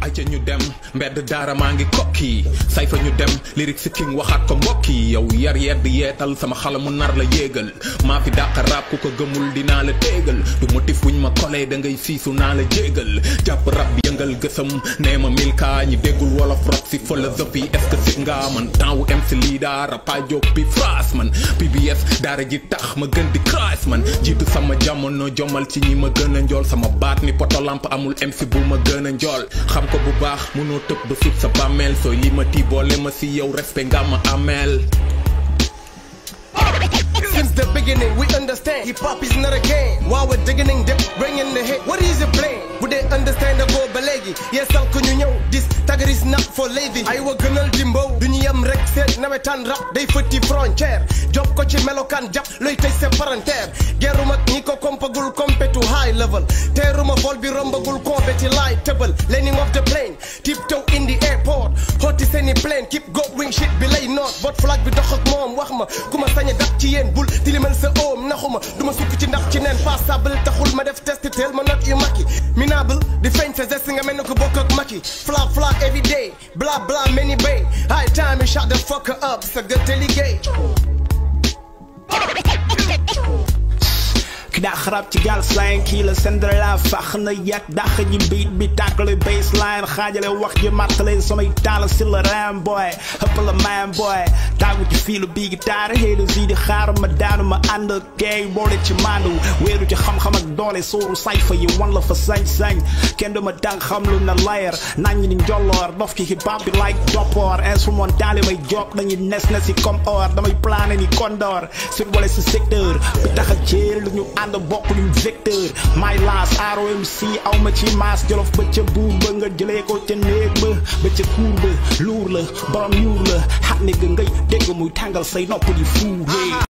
ayca ñu dem mbedd daara maa ngi kokki say fa ñu dem lirik si king waxaat ko mbokk yi yow yar yedd yeetal sama xala mu nar la yéegal maa fi dàq rap ku ko gëmul dinaa la téegal du motif wuñ ma kolee da ngay siisu naa la jéegal jàpp rab yëngal gësëm nee ma milka ñi déggul wolof rap si philosophie est-ce que sit nga man temps wu MC Lida rapajo pi phrase man PBS daara ji tax ma gën di crash man jiitu sama jamono jomal ci ñi ma gën a njool sama baat ni poto lamp amul MC bu ma gën a njool xam ko bu baax mënoo tëb ba sut sa bàmmeel sooy li ma ti boole ma si yow respect nga ma ameel Since the beginning, we understand hip hop is not a game. While we're digging in deep, Yes, I'm ñëw dis tagaris nag fo léegi ay wa gënal di mbow du ñu yem rek seen nawetaan rap day fëtti frontière job ko ci melokaan jàpp looy tëj sa parentère Niko. mag ñi ko kompagul compétu high level teeruma vol bi rombagul koobe ci landing of the plane tiptoe in the airport xooti any plane keep going shit bi Not what bot flag with the ak moom wax ma ku ma sañe ci yéen bul tilimal sa oom naxuma du sukk ci ndax ci neen passable taxul ma def test teel ma not yu makki minable di feeñ sa geste nga mel ko bokk ak makki fla fla every day bla bla many bay high time you shut the fucker up sa gëtte liggéey dax rap ci gal slang kii la la fax yak yàgg dax beat bi tàkkale baseline xaajale wax ji màttale samay taal si la ram boy ëpp man boy Daar moet je vielen biegen, daar hele zie de garen, maar daar mijn andere game, rolletje manu. Wereldje gam gam McDonald's, soro cijfer, je one love zijn zijn. Kende me dan gam lu na liar. nan je in dollar, lof je je like dropper, En zo man dalen mijn job, dan je nest nest je kom or, dan mijn plannen die condor. Zit wel eens een sector, bedag het jeren, je aan de bok, nu victor. My last ROMC, al met je maas, of met je la ca kuur ba luur la borom ñuur la xat ne nga ngay say not pretty fuur